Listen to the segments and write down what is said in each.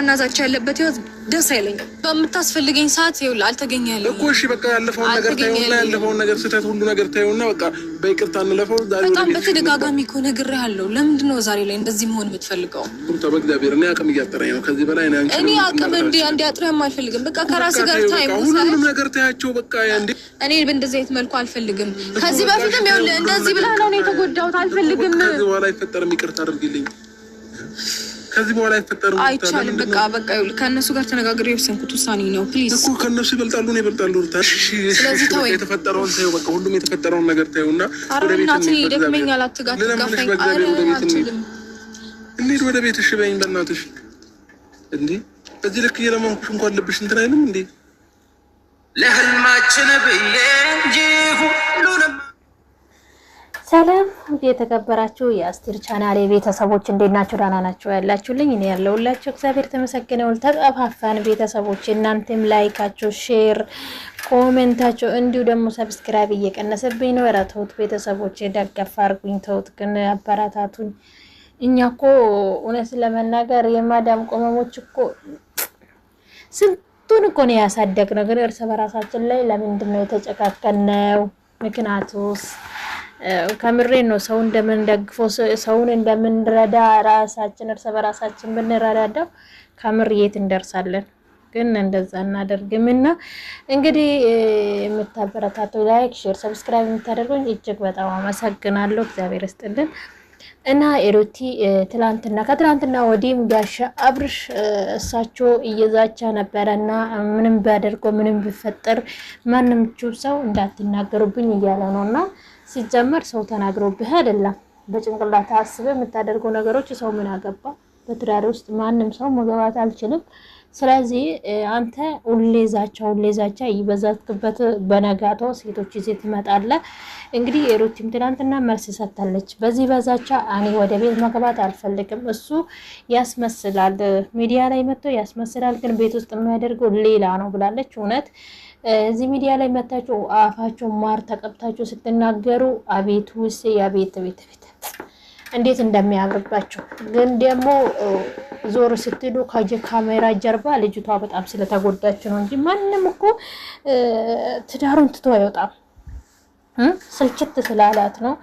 እና ዛቻ ያለበት ህይወት ደስ አይለኝ። በምታስፈልገኝ ሰዓት ይውል አልተገኘህልም እኮ እሺ፣ በቃ ያለፈውን ነገር ታየውና ያለፈውን ነገር ስህተት ሁሉ ነገር ታየውና በቃ በይቅርታ እንለፈው። በጣም በተደጋጋሚ እኮ ነግሬሃለሁ። ለምንድን ነው ዛሬ ላይ እንደዚህ መሆን የምትፈልገው? በእግዚአብሔር እኔ አቅም እያጠረኝ ነው። ከዚህ በላይ እኔ አቅም እንዲያጥረህም አልፈልግም። በቃ ከራስህ ጋር ታይም ሁሉንም ነገር ታያቸው። በቃ እኔ በእንደዚህ አይነት መልኩ አልፈልግም። ከዚህ በፊትም ይኸውልህ እንደዚህ ብለህ ነው እኔ የተጎዳሁት። አልፈልግም። ከዚህ በኋላ አይፈጠርም። ይቅርታ አድርግልኝ። ከዚህ በኋላ የተፈጠሩ አይቻልም። በቃ በቃ ይኸውልህ፣ ከእነሱ ጋር ተነጋግሬ የወሰንኩት ውሳኔ ነው። ፕሊዝ እኮ ከእነሱ ይበልጣሉ ነው ይበልጣሉ። ስለዚህ የተፈጠረውን ተይው፣ በቃ ሁሉም የተፈጠረውን ነገር ተይው እና ኧረ እናትህ ይደክመኛል። አትጋት ጋፋኝ። ኧረ እንሂድ ወደ ቤት። እሺ በይኝ በእናትሽ። እንዴ በዚህ ልክ እየለመንኩሽ እንኳን ልብሽ እንትን አይልም እንዴ ለህልማችን ብዬ እንጂ ሁ ሰላም የተከበራችሁ የአስቴር ቻናል ቤተሰቦች እንዴት ናችሁ? ደህና ናችሁ ያላችሁልኝ? እኔ ያለሁላችሁ እግዚአብሔር ተመሰግነውል ተጠፋፋን ቤተሰቦች፣ እናንተም ላይካችሁ፣ ሼር፣ ኮሜንታችሁ እንዲሁ ደግሞ ሰብስክራይብ እየቀነሰብኝ ነው። ኧረ ተውት ቤተሰቦች፣ ደገፍ አድርጉኝ፣ ተውት ግን አበረታቱኝ። እኛ እኮ እውነት ለመናገር የማዳም ቆመሞች እኮ ስንቱን እኮ ነው ያሳደግነው፣ ግን እርስ በራሳችን ላይ ለምንድን ነው የተጨካከነው? ምክንያቱስ ከምሬ ነው። ሰው እንደምንደግፈው ሰውን እንደምንረዳ ራሳችን እርስ በራሳችን ብንረዳዳው ከምር የት እንደርሳለን። ግን እንደዛ እናደርግም እና እንግዲህ የምታበረታቱ ላይክ፣ ሼር፣ ሰብስክራይብ የምታደርጉኝ እጅግ በጣም አመሰግናለሁ። እግዚአብሔር ይስጥልን እና ኤሮቲ ትላንትና ከትላንትና ወዲህም ጋሻ አብርሽ እሳቸው እየዛቻ እና ምንም ቢያደርገው ምንም ቢፈጠር ማንም ሰው እንዳትናገሩብኝ እያለ ነውና ሲጀመር ሰው ተናግሮብህ አይደለም በጭንቅላት አስበህ የምታደርገው ነገሮች ሰው ምን አገባ? በትዳር ውስጥ ማንም ሰው መግባት አልችልም። ስለዚህ አንተ ሁሌ ዛቻ ሁሌ ዛቻ በነጋቶ ሴቶች ይዜ ትመጣለ እንግዲህ ሩቲም ትናንትና መልስ ሰጥታለች። በዚህ በዛቻ እኔ ወደ ቤት መግባት አልፈልግም። እሱ ያስመስላል፣ ሚዲያ ላይ መጥቶ ያስመስላል፣ ግን ቤት ውስጥ የሚያደርገው ሌላ ነው ብላለች። እውነት እዚህ ሚዲያ ላይ መታችሁ አፋችሁ ማር ተቀብታችሁ ስትናገሩ አቤት ውሴ አቤት ቤት ቤት እንዴት እንደሚያምርባቸው ግን ደግሞ ዞር ስትሉ ከጅ ካሜራ ጀርባ ልጅቷ በጣም ስለተጎዳች ነው እንጂ ማንም እኮ ትዳሩን ትቶ አይወጣም። ስልችት ስላላት ነው።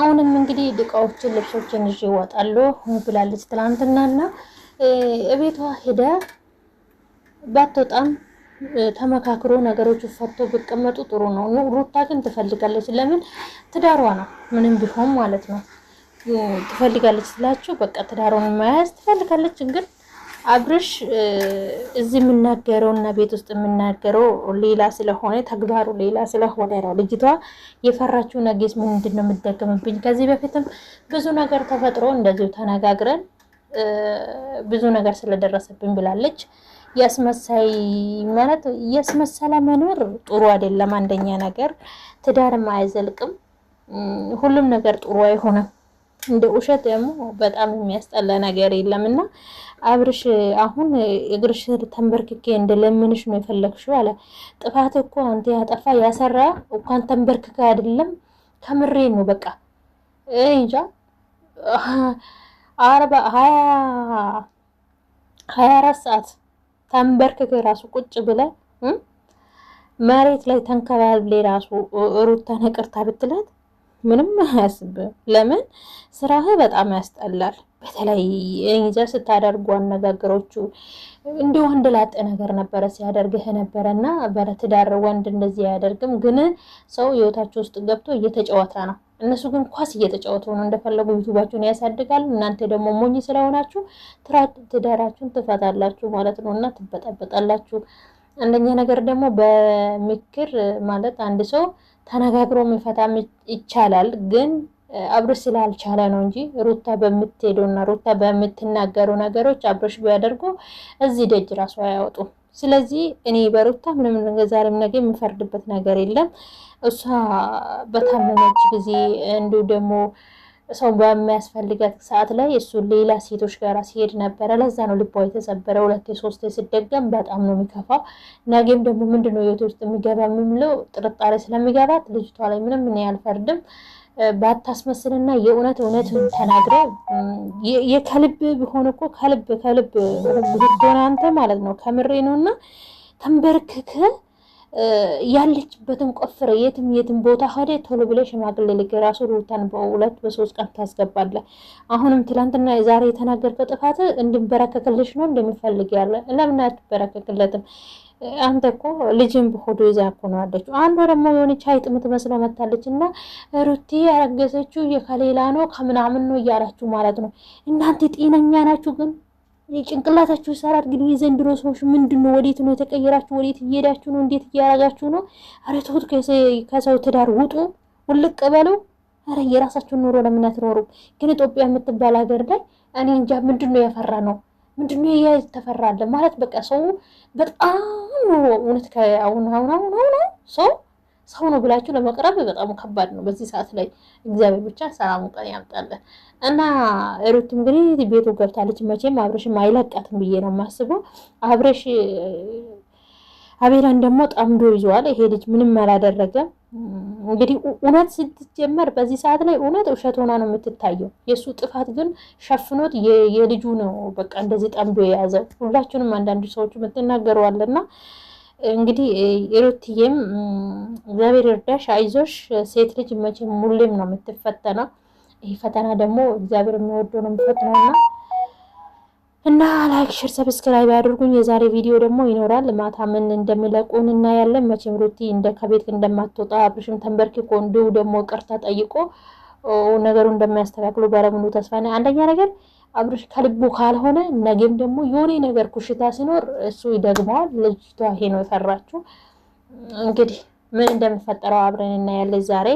አሁንም እንግዲህ ድቃዎችን ልብሶችን ይዤ እወጣለሁ ብላለች ትላንትናና እቤቷ ሄዳ ባትወጣም ተመካክሮ ነገሮች ፈቶ ቢቀመጡ ጥሩ ነው። ሩታ ግን ትፈልጋለች። ለምን ትዳሯ ነው፣ ምንም ቢሆን ማለት ነው ትፈልጋለች ስላችሁ፣ በቃ ትዳሯን መያዝ ትፈልጋለች። ግን አብርሽ እዚህ የምናገረው እና ቤት ውስጥ የምናገረው ሌላ ስለሆነ ተግባሩ ሌላ ስለሆነ ነው። ልጅቷ የፈራችው ነገስ ምንድን ነው የምደገምብኝ? ከዚህ በፊትም ብዙ ነገር ተፈጥሮ እንደዚሁ ተነጋግረን ብዙ ነገር ስለደረሰብኝ ብላለች። ያስመሳይ ማለት መኖር ጥሩ አይደለም። አንደኛ ነገር ትዳርም አይዘልቅም ሁሉም ነገር ጥሩ አይሆንም። እንደ ውሸት ደግሞ በጣም የሚያስጠላ ነገር የለም እና አብርሽ አሁን እግርሽ ተንበርክኬ እንደለምንሽ ነው የፈለግሽው አለ። ጥፋት እኮ አንተ ያጠፋ ያሰራ እንኳን ተንበርክከ አይደለም ከምሬ ነው። በቃ እንጃ አርባ ሀያ ሀያ አራት ሰዓት ተንበርክክ ራሱ ቁጭ ብለ መሬት ላይ ተንከባብሌ ራሱ ሩታን ይቅርታ ብትላት ምንም አያስብም። ለምን ስራህ በጣም ያስጠላል። በተለይ እንጃ ስታደርጉ አነጋገሮቹ እንደ ወንድ ላጤ ነገር ነበረ ሲያደርግህ ነበረ እና በትዳር ወንድ እንደዚህ አያደርግም። ግን ሰው ህይወታችሁ ውስጥ ገብቶ እየተጫወተ ነው እነሱ ግን ኳስ እየተጫወቱ ነው እንደፈለጉ ዩቱባችሁን ያሳድጋሉ። እናንተ ደግሞ ሞኝ ስለሆናችሁ ትዳራችሁን ትፈታላችሁ ማለት ነው እና ትበጠበጣላችሁ። አንደኛ ነገር ደግሞ በምክር ማለት አንድ ሰው ተነጋግሮ መፈታም ይቻላል፣ ግን አብርሽ ስላልቻለ ነው እንጂ ሩታ በምትሄደውና ሩታ በምትናገረው ነገሮች አብርሽ ቢያደርጉ እዚህ ደጅ ራሱ አያወጡም። ስለዚህ እኔ በሩታ ምንም ዛሬም ነገ የምፈርድበት ነገር የለም። እሷ በታመመች ጊዜ እንዲሁ ደግሞ ሰው በሚያስፈልጋት ሰዓት ላይ እሱ ሌላ ሴቶች ጋር ሲሄድ ነበረ። ለዛ ነው ልቧ የተሰበረ። ሁለት ሶስት ስደገም በጣም ነው የሚከፋው። ነገም ደግሞ ምንድነው የት ውስጥ የሚገባ የምምለው ጥርጣሬ ስለሚገባት ልጅቷ ላይ ምንም እኔ አልፈርድም። ባታስመስልና የእውነት እውነት ተናግረ የከልብ ቢሆን እኮ ከልብ ከልብ ብትሆን አንተ ማለት ነው። ከምሬ ነው እና ተንበርክክ ያለችበትን ቆፍረ የትም የትም ቦታ ሄደ ቶሎ ብለ ሽማግሌ ልክ ራሱ ሩታን በሁለት በሶስት ቀን ታስገባለ። አሁንም ትላንትና ዛሬ የተናገርከው ጥፋት እንድንበረከክልሽ ነው እንደሚፈልግ ያለ ለምን አትበረከክለትም? አንተ እኮ ልጅን በሆዶ ይዛ እኮ ነው አለችው። አንዷ ደግሞ የሆነች አይጥ የምትመስለው መታለች እና ሩቲ ያረገዘችው የከሌላ ነው ከምናምን ነው እያላችሁ ማለት ነው። እናንተ ጤነኛ ናችሁ? ግን ጭንቅላታችሁ ሰራ ግን የዘንድሮ ሰዎች ምንድን ነው? ወዴት ነው የተቀየራችሁ? ወዴት እየሄዳችሁ ነው? እንዴት እያረጋችሁ ነው? አረ ተውት፣ ከሰው ትዳር ውጡ፣ ውልቅ በሉ። አረ የራሳችሁን ኑሮ ለምን አትኖሩም? ግን ኢትዮጵያ የምትባል ሀገር ላይ እኔ እንጃ ምንድን ነው ያፈራ ነው ምንድነው ያልተፈራለ ማለት በቃ ሰው በጣም እውነት አሁን አሁን አሁን አሁን ሰው ሰው ነው ብላችሁ ለመቅረብ በጣም ከባድ ነው በዚህ ሰዓት ላይ። እግዚአብሔር ብቻ ሰላሙ ቀን ያምጣለን እና ሩት እንግዲህ ቤቱ ገብታለች። መቼም አብረሽ አይለቃትም ብዬ ነው የማስበው አብረሽ አቤላን ደግሞ ጠምዶ ይዟል። ይሄ ልጅ ምንም አላደረገም። እንግዲህ እውነት ስትጀመር በዚህ ሰዓት ላይ እውነት ውሸት ሆና ነው የምትታየው። የእሱ ጥፋት ግን ሸፍኖት የልጁ ነው በቃ እንደዚህ ጠምዶ የያዘው። ሁላችንም አንዳንድ ሰዎች የምትናገረዋልና እንግዲህ ሩትዬም እግዚአብሔር እርዳሽ፣ አይዞሽ። ሴት ልጅ መቼም ሙሌም ነው የምትፈተነው። ይህ ፈተና ደግሞ እግዚአብሔር የሚወደው ነው የሚፈትነውና እና ላይክ ሸር ሰብስክራይብ ያድርጉኝ። የዛሬ ቪዲዮ ደግሞ ይኖራል ማታ ምን እንደምለቁን እናያለን። መቼም ሩቲ እንደ ከቤት እንደማትወጣ አብርሽም ተንበርክኮ እንዲሁ ደግሞ ቅርታ ጠይቆ ነገሩ እንደሚያስተካክሉ በረምኑ ተስፋ ነ አንደኛ ነገር አብርሽ ከልቡ ካልሆነ ነገም ደግሞ የሆነ ነገር ኩሽታ ሲኖር እሱ ይደግመዋል። ልጅቷ ይሄ ነው እንግዲህ ምን እንደምፈጠረው አብረን እናያለን ዛሬ